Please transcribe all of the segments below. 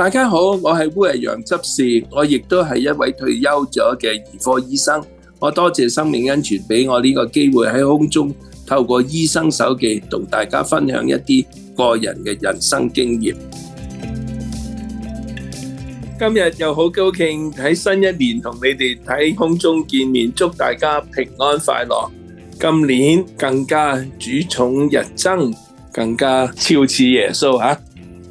大家好，我係烏日陽執事，我亦都係一位退休咗嘅兒科醫生。我多謝生命恩泉俾我呢個機會喺空中透過醫生手記同大家分享一啲個人嘅人生經驗。今日又好高興喺新一年同你哋喺空中見面，祝大家平安快樂。今年更加主寵日增，更加肖似耶穌啊！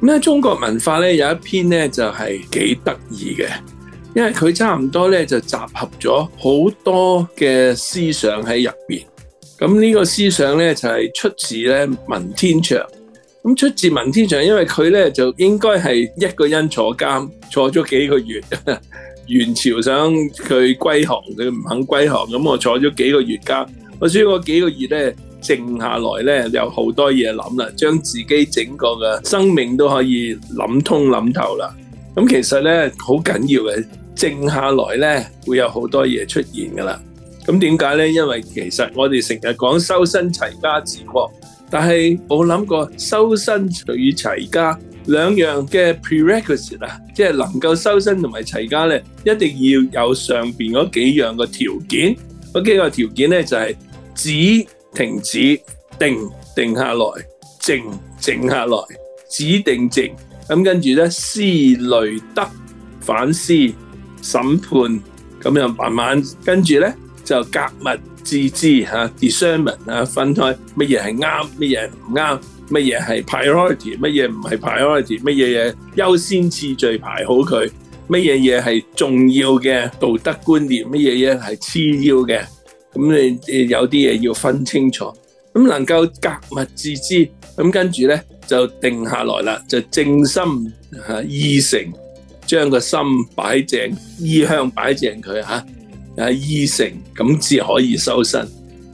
咁咧，中國文化咧有一篇咧就係幾得意嘅，因為佢差唔多咧就集合咗好多嘅思想喺入邊。咁呢個思想咧就係出自咧文天祥。咁出自文天祥，因為佢咧就應該係一個人坐監坐咗幾個月。元朝想佢歸降，佢唔肯歸降，咁我坐咗幾個月監。我雖然我幾個月咧。靜下來咧，有好多嘢諗啦，將自己整個嘅生命都可以諗通諗透啦。咁其實咧，好緊要嘅靜下來咧，會有好多嘢出現噶啦。咁點解咧？因為其實我哋成日講修身齊家治國，但係冇諗過修身與齊家兩樣嘅 prerequisite 啊，即係能夠修身同埋齊家咧，一定要有上面嗰幾樣嘅條件。嗰幾個條件咧就係指停止，定定下來，靜靜下來，止定靜。咁跟住咧思慮得反思審判，咁又慢慢跟住咧就格物致知吓，discernment，啊分開乜嘢係啱，乜嘢唔啱，乜嘢係 priority，乜嘢唔係 priority，乜嘢嘢優先次序排好佢，乜嘢嘢係重要嘅道德觀念，乜嘢嘢係次要嘅。咁你有啲嘢要分清楚，咁能夠格物致知，咁跟住咧就定下來啦，就靜心吓意誠，將個心擺正，意向擺正佢吓，啊意誠，咁至可以修身。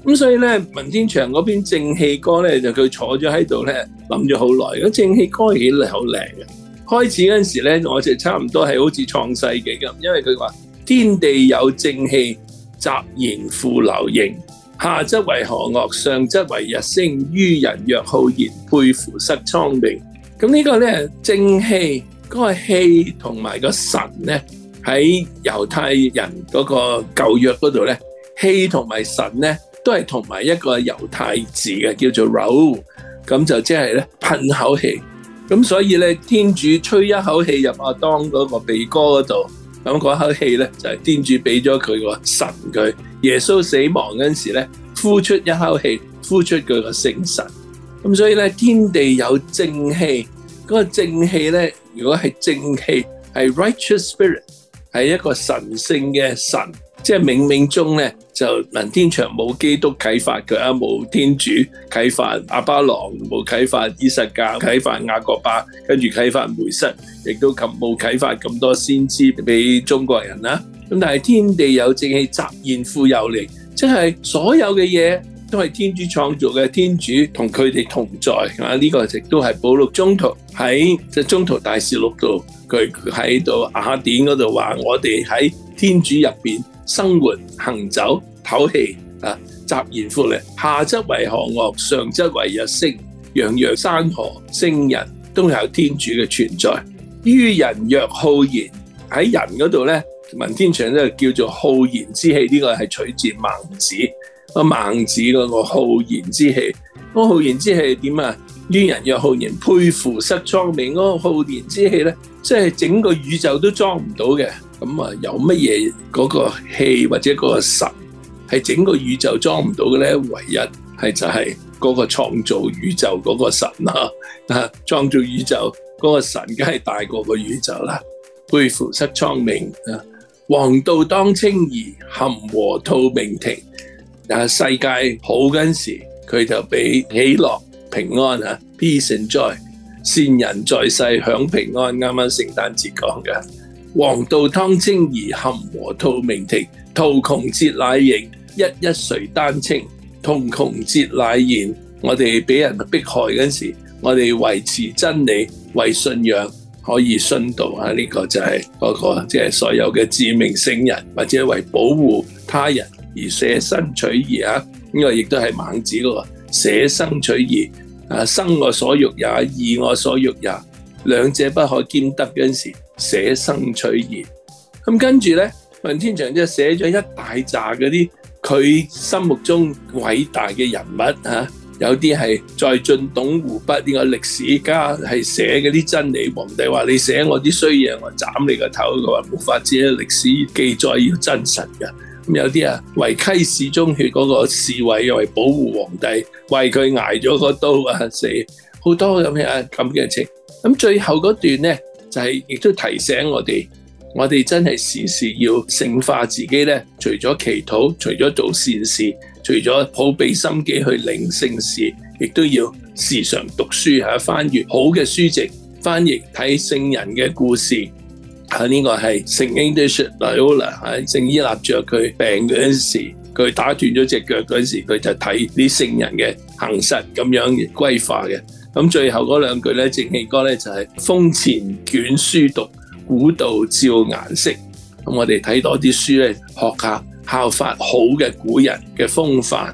咁所以咧，文天祥嗰篇《正氣歌》咧，就佢坐咗喺度咧諗咗好耐。咁《正氣歌》寫得好靚嘅，開始嗰陣時咧，我就差唔多係好似創世紀咁，因為佢話天地有正氣。雜然賦流形，下則為河嶽，上則為日星。於人曰浩然，沛乎塞蒼冥。咁呢個咧，正氣嗰、嗰個氣同埋個神咧，喺猶太人嗰個舊約嗰度咧，氣同埋神咧，都係同埋一個猶太字嘅，叫做 r o 咁就即係咧噴口氣。咁所以咧，天主吹一口氣入阿當嗰個鼻哥嗰度。咁嗰口氣咧，就係、是、天主俾咗佢個神佢。耶穌死亡嗰時咧，呼出一口氣，呼出佢個聖神。咁所以咧，天地有正氣，嗰、那個正氣咧，如果係正氣，係 Righteous Spirit，係一個神聖嘅神。即係冥冥中咧，就文天祥冇基督啟發佢啊，冇天主啟發阿巴郎，冇啟發依撒格，啟發雅各伯，跟住啟發梅瑟，亦都冇啟發咁多先知俾中國人啦。咁但係天地有正氣，雜然賦流形，即係所有嘅嘢都係天主創造嘅，天主同佢哋同在啊！呢、這個亦都係《保祿》宗徒喺，即係宗徒大事錄》度，佢喺度雅典嗰度話：我哋喺天主入面。」生活行走唞氣啊，雜然賦流形，下則為河嶽，上則為日星，洋洋山河，聖人都有天主嘅存在。於人曰浩然，喺人嗰度咧，文天祥咧叫做浩然之氣，呢、這個係取自孟子，阿孟子嗰個浩然之氣。嗰浩然之氣點啊？於人曰浩然，沛乎塞蒼溟。」嗰個浩然之氣咧，即、就、係、是、整個宇宙都裝唔到嘅。咁啊，有乜嘢嗰個氣或者嗰個神係整個宇宙裝唔到嘅咧？唯一係就係嗰個創造宇宙嗰個神啊，啊！創造宇宙嗰、那個神梗係大過個宇宙啦。沛乎塞蒼溟，啊，黃道當清夷，含和吐明庭。但、啊、係世界好嗰陣時候，佢就俾喜樂。平安啊 peace and joy，善人在世享平安。啱啱聖誕節講嘅，黃道湯清而含和，吐明庭，吐窮節乃盈，一一垂丹青，吐窮節乃言。我哋俾人迫害嗰陣時，我哋維持真理，為信仰可以殉道啊！呢、這個就係嗰、那個，即、就、係、是、所有嘅致命聖人，或者為保護他人而捨身取義啊！呢、這個亦都係孟子嗰捨生取義，啊，生我所欲也，義我所欲也，兩者不可兼得嗰陣時，捨生取義。咁跟住咧，文天祥即係寫咗一大扎嗰啲佢心目中偉大嘅人物吓，有啲係在晉董狐筆。呢、這個歷史家係寫嗰啲真理。皇帝話你寫我啲衰嘢，我斬你個頭！佢話冇法子，歷史記載要真實嘅。有啲啊，為嵇侍中血嗰個侍衛，為保護皇帝，為佢捱咗個刀啊死，好多咁樣啊咁嘅情。咁最後嗰段呢，就係、是、亦都提醒我哋，我哋真係時時要聖化自己呢，除咗祈禱，除咗做善事，除咗好俾心機去領聖事，亦都要時常讀書吓、啊，翻閱好嘅書籍，翻譯睇聖人嘅故事。喺呢、啊這個係聖經都說，拿俄勒喺聖依納爵佢病嗰陣時候，佢打斷咗隻腳嗰陣時候，佢就睇啲聖人嘅行實，咁樣歸化嘅。咁、啊、最後嗰兩句咧，正氣歌咧就係、是、風前卷書讀，古道照顏色。咁、啊、我哋睇多啲書咧，學下效法好嘅古人嘅風範。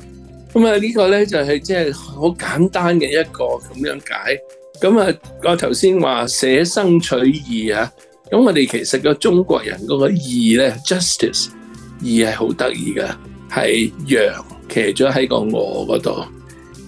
咁啊、這個、呢個咧就係即係好簡單嘅一個咁樣解。咁啊我頭先話捨生取義啊。咁我哋其實個中國人嗰個義咧，justice 義係好得意嘅，係羊騎咗喺個我嗰度。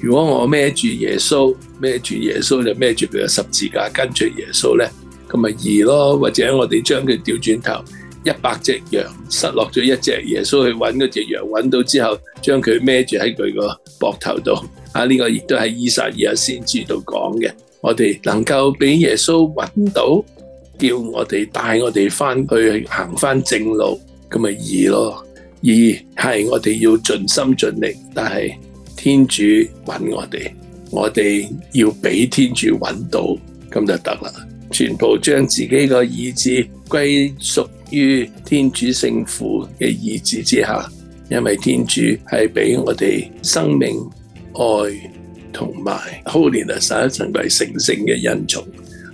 如果我孭住耶穌，孭住耶穌就孭住佢嘅十字架跟，跟住耶穌咧，咁咪義咯。或者我哋將佢調轉頭，一百隻羊失落咗一隻，耶穌去揾嗰隻羊，揾到之後將佢孭住喺佢個膊頭度。啊，呢、這個亦都係依撒意亞先知度講嘅，我哋能夠俾耶穌揾到。叫我哋帶我哋返去行返正路，咁咪易咯。易係我哋要盡心盡力，但係天主揾我哋，我哋要俾天主揾到，咁就得啦。全部將自己個意志歸屬於天主聖父嘅意志之下，因為天主係俾我哋生命愛同埋好年啊，上一層係成聖嘅恩寵。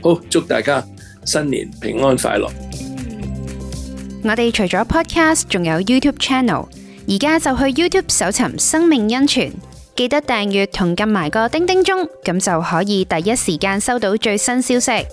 好，祝大家！新年平安快樂！我哋除咗 Podcast，仲有 YouTube Channel，而家就去 YouTube 搜尋《生命恩泉》，記得訂閱同撳埋個叮叮鐘，咁就可以第一時間收到最新消息。